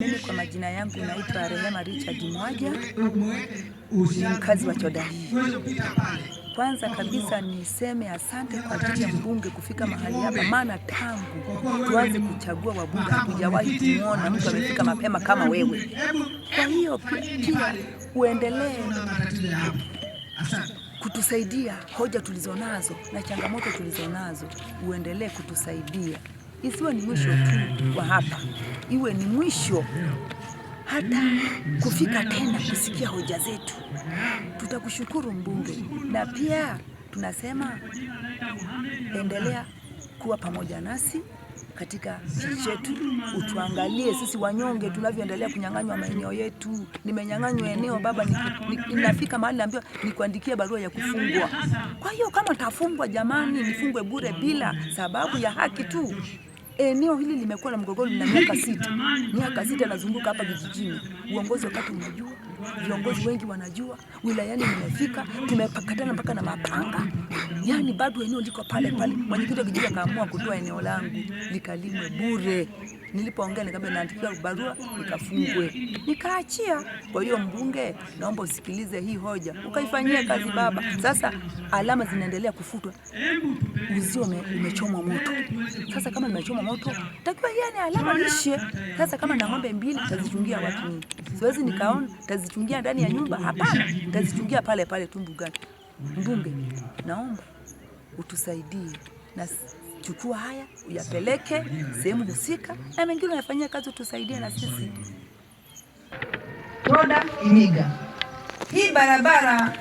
Mimi kwa majina yangu naitwa Rehema Richard Mwaja, ni mkazi wa Chodani. Kwanza kabisa niseme asante kwa ajili ya mbunge kufika mahali hapa, maana tangu tuanze kuchagua wabunge hatujawahi kumwona mtu amefika mapema kama wewe. Kwa hiyo pia uendelee kutusaidia hoja tulizonazo na changamoto tulizonazo, uendelee kutusaidia isiwe ni mwisho tu wa hapa, iwe ni mwisho hata kufika tena kusikia hoja zetu. Tutakushukuru mbunge, na pia tunasema endelea kuwa pamoja nasi katika kijiji chetu, utuangalie sisi wanyonge tunavyoendelea kunyang'anywa maeneo yetu. Nimenyang'anywa eneo baba, ninafika mahali naambiwa nikuandikie barua ya kufungwa. Kwa hiyo kama tafungwa, jamani, nifungwe bure bila sababu ya haki tu eneo hili limekuwa na mgogoro na miaka sita, miaka sita nazunguka hapa vijijini, uongozi wakati unajua viongozi wengi wanajua, wilayani nimefika, tumepakatana mpaka na mapanga, yani bado eneo liko pale pale. Mwenyekiti wa kijiji akaamua kutoa eneo langu likalimwe bure. Nilipoongea nikaambia naandikiwa barua nikafungwe, nikaachia. Kwa hiyo mbunge, naomba usikilize hii hoja ukaifanyia kazi baba. Sasa alama zinaendelea kufutwa, uzio umechomwa moto. Sasa kama imechomwa moto, takiwa yani alama ishe. Sasa kama na ng'ombe mbili tazichungia watu nini? siwezi nikaona tazichungia ndani ya nyumba. Hapana, tazichungia pale pale tu mbugani. Mbunge, naomba utusaidie na chukua haya uyapeleke sehemu husika, na mengine unayofanyia kazi utusaidie na sisi. Roda Iniga, hii barabara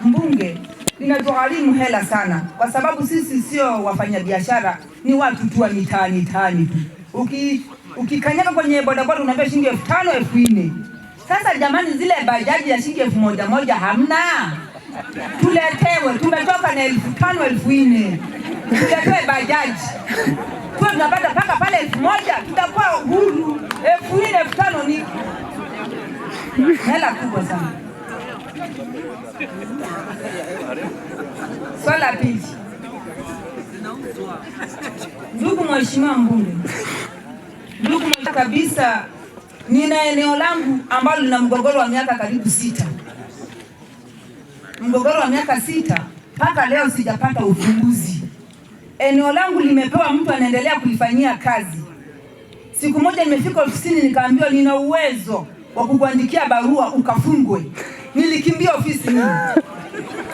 mbunge inatugharimu hela sana, kwa sababu sisi sio wafanyabiashara, ni watu tu wa mitaani tu uki ukikanyaga kwenye bodaboda unaambia shilingi elfu tano elfu nne Sasa jamani, zile bajaji ya shilingi elfu moja moja hamna, tuletewe. Tumetoka na elfu tano elfu nne tuletewe bajaji tuwe tunapata mpaka pale elfu moja tutakuwa huru. Elfu nne elfu tano ni hela kubwa sana. Swala pili, ndugu mheshimiwa mbunge Ndugu kabisa, nina eneo langu ambalo lina mgogoro wa miaka karibu sita, mgogoro wa miaka sita, mpaka leo sijapata ufunguzi. Eneo langu limepewa mtu anaendelea kulifanyia kazi. Siku moja nimefika ofisini nikaambiwa nina uwezo wa kukuandikia barua ukafungwe. Nilikimbia ofisi mimi.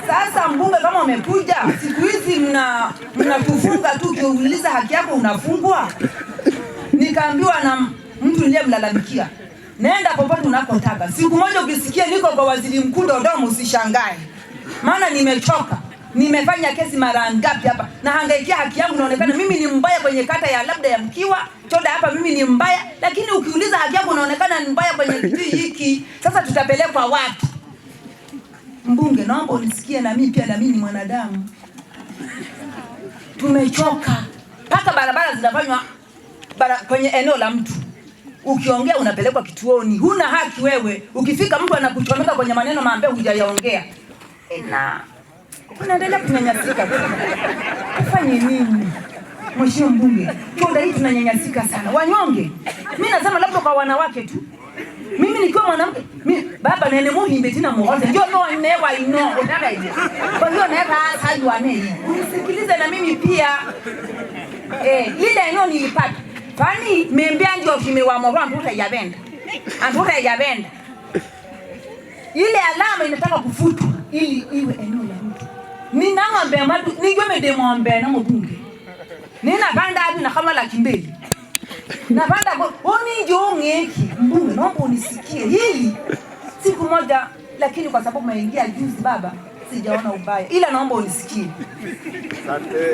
Sasa mbunge, kama umekuja siku hizi mnatufunga mna tu, ukiuliza haki yako unafungwa nikaambiwa na mtu mlalamikia, naenda popote unakotaka. Siku moja ukisikia niko kwa waziri mkuu Dodoma, usishangae, maana nimechoka nimefanya kesi mara ngapi hapa, nahangaikia haki yangu. Naonekana mimi ni mbaya kwenye kata ya labda ya Mkiwa Choda, hapa mimi ni mbaya, lakini ukiuliza haki yangu naonekana ni mbaya kwenye kijiji hiki. Sasa tutapelekwa wapi? Mbunge, naomba unisikie, na mimi pia, na mimi ni mwanadamu, tumechoka mpaka barabara zinafanywa bara, kwenye eneo la mtu ukiongea unapelekwa kituoni. Huna haki wewe, ukifika mtu anakuchomeka kwenye maneno ambayo hujayaongea eh, na unaendelea kunyanyasika. Ufanye nini? Mheshimiwa Mbunge, Kiodari tunanyanyasika sana wanyonge. Mimi nasema labda kwa wanawake tu. Mimi nikiwa mwanamke baba nene muhimbe tina muhote ndio no ne wa ino kwa hiyo naeka hasa yuane nisikilize na mimi pia eh, lile eneo nilipata pani membeanji ofime wa moro antuta ijapenda antuta ah, ijapenda ile alama inataka kufutwa ili iwe eneo la mtu ni nina ng'ombe madu nijomede ng'ombe na mbunge ni na ninapanda hadi na kama laki mbili napanda unijongeki mbunge naomba unisikie hili siku moja lakini kwa sababu maingia juzi baba sijaona ubaya ila naomba unisikie